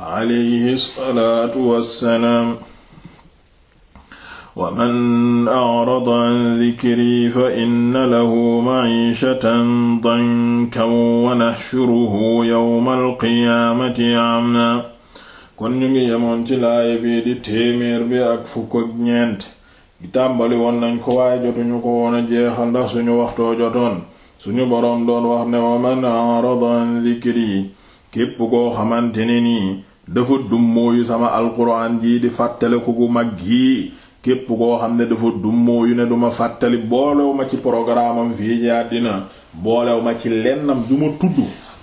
alayhi salaatu wassalaam wa man a'rada an dikri fa inna lahu ma'ishatan dankan wa nahshuruhu yawmal kon ñu ngi yemoon ci laaya bi di téeméer ak fukk ak ñeent tàmbali woon nañ ko waaye jotuñu ko woon a jeexal ndax suñu waxtoo suñu boroom doon wax ne wa man a'rada an dafa dummóoyu sama alquran jii di fàttaliku gu mag gii képp koo xam ne dafa dummóoyu ne duma fàttali boolew ma ci programme am fii ci àddina boolew ma ci lennam du ma tudd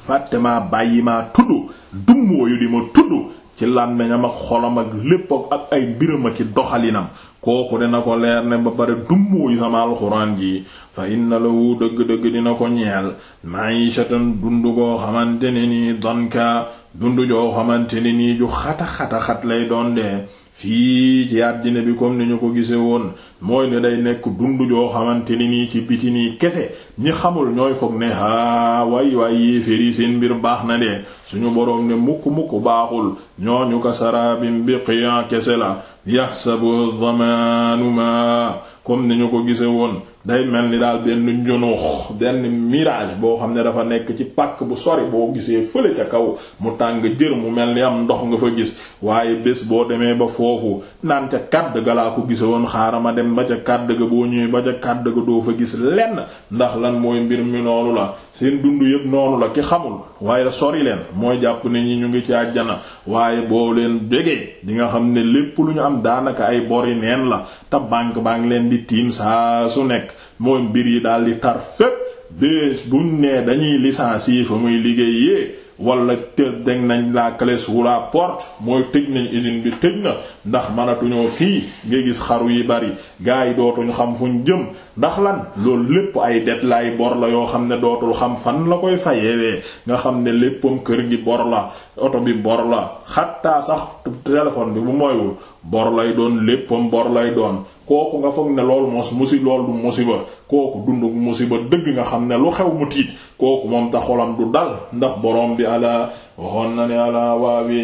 fàtte maa bàyyi ma tudd dummóoyu di ma tudd ci làmmeñam ak xolam ak lépp ak ay mbiram ak ci doxalinam kooku dina ko leer ne ba bare dummóoyu sama alxuraan ji fa inna lahu dëgg-dëgg dina ko ñeel ma'ishatan dund koo xamante ne nii danka dund joo xamante ne nii ju xata-xata xat lay doon dee sii ci àddina bi comme ni ko gisee woon mooy ne day nekk dund joo xamante ni nii ci biti nii kese ñi xamul ñooy foog ne haa waay waay yéeféer yi seen mbir baax na de suñu boroom ne mukk mukk baaxul ñooñu ko sarabim bi qiyan kese la yaxsabu zamaanu ma comme nañu ko gisee woon day mel ni daal benn njonoox benn mirage boo xam ne dafa nekk ci pàkk bu sori boo gisee fële ca kaw mu tàng jër mu mel ni am ndox nga fa gis waaye bés boo demee ba foofu naan ca kàdd ga laa ko gise woon xaaral ma dem ba ca kàdd ga boo ñëwee ba ca kàdd ga doo fa gis lenn ndax lan mooy mbir mi noonu la seen dund yëpp noonu la ki xamul waaye sori leen mooy jàpp ne ñi ñu ngi ci àjjana waaye boo leen bégee di nga xam ne lépp lu ñu am daanaka ay bori neen la te banque baa ngi leen di tiim saa su nekk mooy mbir yi daal di tar fépp bés bu nee dañuy licencier fa muy liggéey wala tëj dañ nañ la clé sous la porte mooy tëj nañ usine bi tëj na ndax mënatuñoo kii nga gis xaru yi bari gars yi dootuñ xam fuñ jëm ndax lan loolu lépp ay det lay bor la yoo xam ne dootul xam fan la koy fayewee nga xam ne léppam kër gi bor la oto bi bor la xattaa sax téléphone bi bu moywul bor lay doon léppam bor lay doon kooku nga foog ne loolu mos musi loolu du musiba kooku dundu musiba dëgg nga xam ne lu xew mu tiit kooku moom ta xolam du dal ndax borom bi alaa waxoon na ne alaa waawi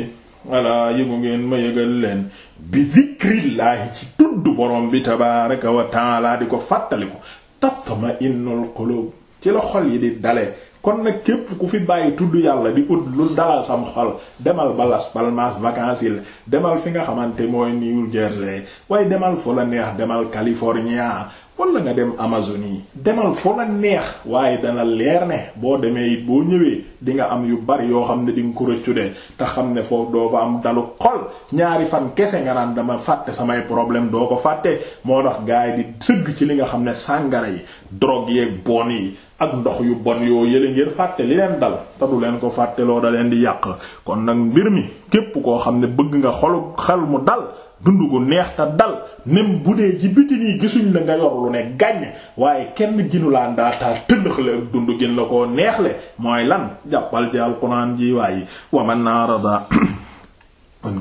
alaa yëgu ngeen ma yëgal leen bi zikrillaahi ci tudd borom bi tabaaraka wa taala di ko fàttaliku tatma innul qulub ci la xol yi di dale kon nag képp ku fi bàyyi tudd yàlla di ut lu dalal sam xol demal ba Las Palmas vacances demal fi nga xamante mooy New Jersey waaye demal foo la neex demal California wala nga dem Amazonie demal fu la neex waaye dana leer ne boo demee boo ñëwee di nga am yu bari yoo xam ne di nga ko rëccu de te xam ne foofu doo fa am dalu xol ñaari fan kese nga naan dama fàtte samay problème doo ko fàtte moo tax gars yi di sëgg ci li nga xam ne sàngara yi drogue yeeg ak ndox yu bon yoo yële ngeen fàtte li leen dal te leen ko fàtteloo da leen di yàq kon nag mbir mi képp koo xam ne bëgg nga xolu xel mu dal dund gu neex te dal même bu dee ci biti nii gisuñ la nga yor lu ne gàññ waaye kenn ginu laa ndaataa tëndëxle ak dund gin la koo neexle mooy lan jàppal ci alxuraan ji waaye waman naarada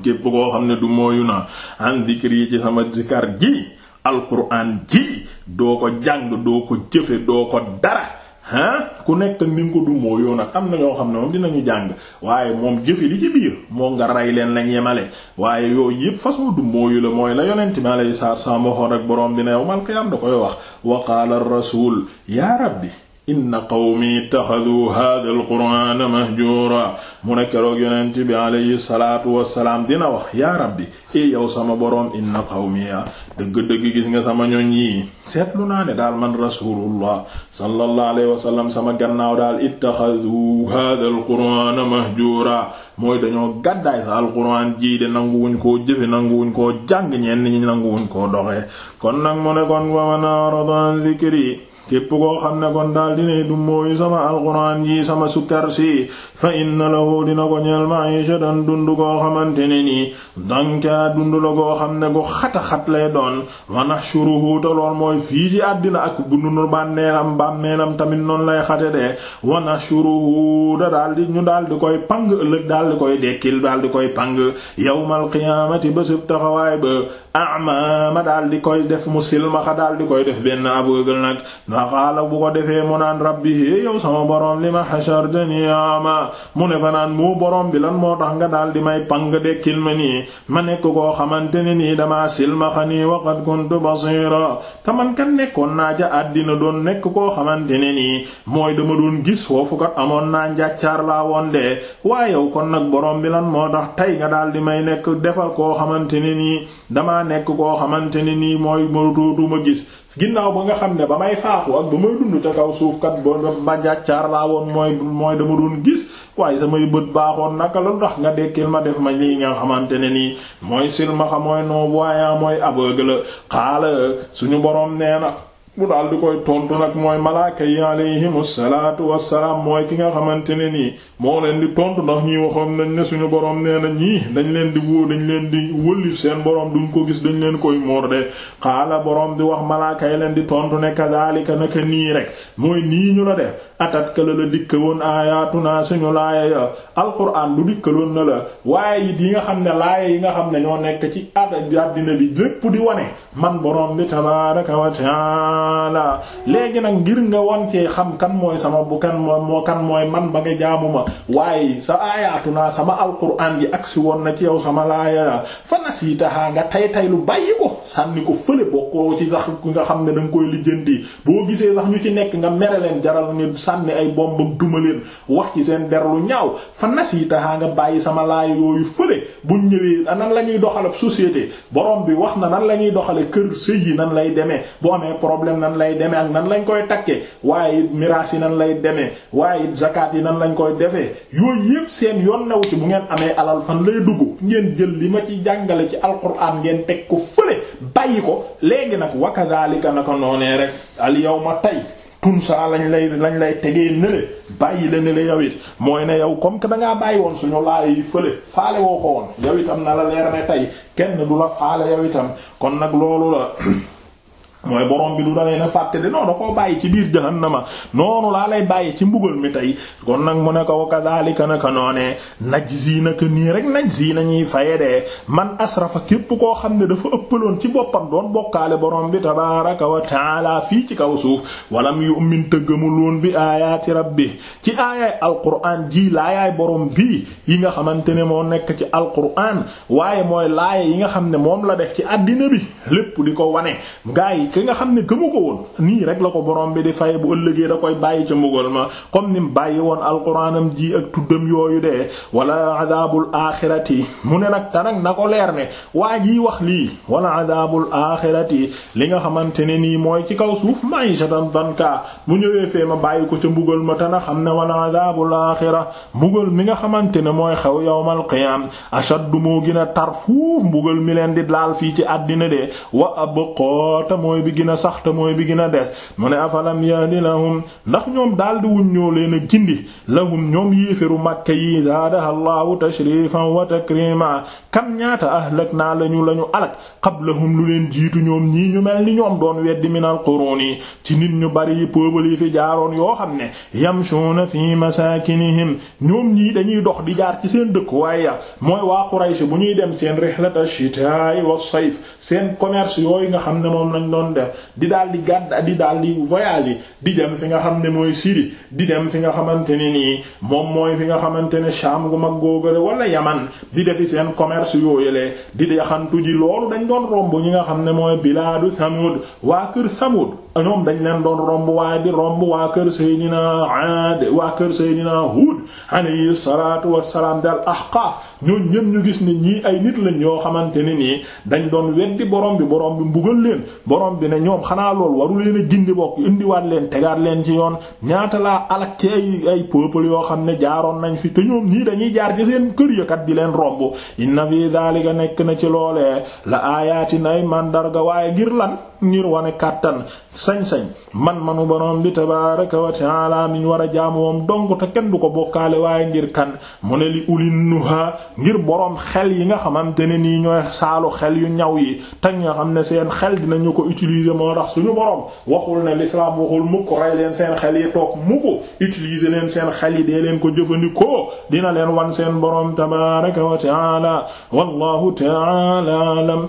képp koo xam ne du mooyu na an zikri ci sama zikar ji alxuraan ji doo ko jàng doo ko jëfe doo ko dara ah ku nekk ni nga ko dumoo yoo nag am na ñoo xam ne moom dinañu jàng waaye moom jëfe li ci biir moom nga rey leen lañ yemale waaye yooyu yëpp façon dumoo yu la mooy la yonent mi alayhi salaatu wa salaam waxoon boroom dina yawmal qiyaam da koy wax wa rasuul yaa rabbi inna qawmi taxadu hada al qurana mahjura mu ne keroog yonent bi alayhi salaatu wasalaam dina wax yaa rabbi i yow sama boroom inna qawmi ya dëgg-dëgg gis nga sama ñoñ yi seetlu naa ne daal man rasulullah sallallahu alayhi wa sallam sama gannaaw daal ittaxadu hada al qurana mahjura mooy dañoo gàddaay sa al quran ji de nanguwuñ koo jëfe nanguwuñ koo jàng ñenn ñi nanguwuñ koo doxee kon nag mu ne kon wa man arada an dhikri képp koo xam ne kon daal dinay du mooyu sama alxuraan yi sama sukkar si fa inna lahu dina ko ñeel ma'ishatan dund koo xamante ne nii dankaa dund la koo xam ne gu xata-xat lay doon wa nahshuruhu te lool mooy fii ci àddina ak bu dund bànneelam bànneelam tamit noonu lay xate de wa nahshuruhu da daal di ñu daal di koy pang ëllëg daal di koy dekkil daal di koy pang yawmal qiyaamati bésub taxawaay ba ama ma daal di koy def mu silmaxa daal di koy def benn aveugle nag na xaala bu ko defee mu naan rabbi yow sama boroom li ma hashartani ama mu ne fa naan mu borom bi lan moo tax nga daal di may pang dekkil ma nii ma nekk koo xamante ne nii damaa silmaxa nii wa qad kuntu basira te man kat nekkoon naa ca àddina doon nekk koo xamante ne nii mooy dama doon gis foofu kat amoon naa njàccaar laa woon de waaye kon nag borom bi lan moo tax tey nga daal di may nekk defal ko xamante ne nii dama naa nekk koo xamante ne nii mooy moo ma gis ginnaaw ba nga xam ne ba may faatu ak ba may dund ca kaw suuf ba jàccaar laa woon mooy mooy dama doon gis waaye samay bët baaxoon naka la tax nga dekkil ma def ma lii nga xamante ne nii mooy silmaxa mooy non waaye mooy aveugle xaala suñu boroom nee na. mu daal di koy tontu nag mooy malaaka yi alayhimu salaatu wassalaam mooy ki nga xamante ne nii moo leen di tontu ndax ñi waxoon nañ ne suñu borom nee na ñii dañ leen di wóo dañ leen di wëllif seen borom duñ ko gis dañ leen koy morde xaala boroom di wax malaaka yi leen di tontu ne kadaalika naka nii rek mooy nii ñu la def atat ka la la dikka woon naa suñu laaya ya alxuraan du dikkaloon na la waaye it yi nga xam ne laaya yi nga xam ne ñoo nekk ci àddina bi lépp di wane man borom bi tabaaraka taala léegi nag ngir nga won cee xam kan mooy sama bu kan mooy moo kan mooy man ba nga jaamu ma waaye sa ayaatu aayaatuna sama yi gi si woon na ci yow sama laaya fa nasiitahaa nga tay tay lu bàyyi ko sànni ko fële bokkoo ci sax nga xam ne da nga koy lijjanti boo gisee sax ñu ci nekk nga mere leen jaral nga sànni ay bombam duma wax ci seen der lu ñaaw fa nasiitahaa nga bàyyi sama laaya yooyu fële buñ ñëwee nan la ñuy doxale société borom bi wax na nan la ñuy doxale kër sëy yi nan lay demee boo amee problème ne nan lay demee ak nan lañ koy takkee waaye it miraas yi nan lay demee waaye it zakat yi nan lañ koy defee yooyu yëpp seen yoon newu ci bu ngeen amee alal fan lay dugg ngeen jël li ma ci jàngale ci alquran ngeen teg ko fële bàyyi ko léegi nag wakadaalika naka noonee rek al ma tey tunsa lañ lay lañ lay tegee nële bàyyi la nële yow it mooy ne yow comme que da ngaa bàyyi woon suñu laay yi fële faale woo ko woon yow itam na la leer tey kenn du la faale yow itam mooy borom bi du dalee na fàtte de non koo bàyyi ci biir jahannama noonu laa lay bàyyi ci mbugal mi tey kon nag mu ne ko kadhalika naka noonee najzi naka nii rek najzi nañuy faye de man asrafa képp koo xam ne dafa ëppaloon ci boppam doon bokkaale borom bi tabaaraka wa fii ci kaw suuf walam yu'min te gëmuloon bi aayaati rabbi ci aayaay alquran ji laayaay bi yi nga xamante ne moo nekk ci alquran waaye mooy laaya yi nga xam ne moom la def ci àddina bi lépp di ko wane gaay ki nga xam ne gëmu ko woon nii rek la ko boroom bi di fay bu ëllëgee da koy bàyyi ca mbugal ma comme ni mu bàyyi woon alquranam ji ak tuddam yooyu de wala adabul axirati mu ne nag te nag ne waa jii wax lii wala adabul axirati li nga xamante ne nii mooy ci kaw suuf ma'ishatan danka mu ñëwee bàyyi ko ca mbugal ma te na xam ne wala adabul axira mbugal mi nga xamante ne mooy xew yawmal qiyaam ashaddu moo gën a tar fuuf mbugal mi leen di laal fii ci àddina de wa abqata mooy mooy bi gën a sax mooy bi gën a des mu ne afalam yahdi lahum ndax ñoom daldi wuñ ñoo leen a gindi lahum ñoom yéefiru Makka yi zaadaha allahu tashrifan wa takrima kam ñaata ahlak naa lañu lañu alak qablahum lu leen jiitu ñoom ñii ñu mel ni ñoom doon weddi minal quruni ci nit ñu bari yi peuple yi fi jaaroon yoo xam ne yamshuna fi masakinihim ñoom ñii dañuy dox di jaar ci seen dëkk waaye ya mooy waa Quraysh bu ñuy dem seen rihlata shitaa'i was sayf seen commerce yooyu nga xam ne moom lañ doon def di daal di gàdd di daal di voyager di dem fi nga xam ne mooy Syrie di dem fi nga xamante ne nii moom mooy fi nga xamante ne Sham gu mag góogale wala Yaman di defi seen commerce yooyulee di xantu ji loolu dañ doon romb ñi nga xam ne mooy bilaadu Samud waa kër Samud ñoom dañ leen doon romb waaye di romb waa kër Seydina Aad waa kër Seydina Hud alayhi salaatu wassalaam dal Ahqaaf ñooñ ñëpp ñu gis ne ñii ay nit lañ yoo xamante ne nii dañ doon weddi borom bi borom bi mbugal leen borom bi ne ñoom xanaa lool waru leen a gindi bokk indiwaat leen tegaat leen ci yoon ñaata laa alak ci ay ay peuple yoo xam ne jaaroon nañ fi te ñoom ñii dañuy jaar ci seen kër yakat bi leen romb inna fi daalika nekk na ci loolee la aayaati nay mandarga waaye ngir lan ngir wane kàttan sañ-sañ man-manu borom bi tabaraka wa taala miñ war a jaam moom dong te kenn du ko bokkaale waaye ngir kan mu ne li ulin nuha ngir boroom xel yi nga xamante ne nii ñooy saalu xel yu ñaw yi teg nga xam ne seen xel dinañu ko utiliser moo rax suñu borom waxul ne l'islam waxul mukk rey leen seen xel yi toog mu ko utiliser leen seen xel yi dee leen ko jëfandikoo dina leen wan seen borom tabaraka wa taala wallahu taala alam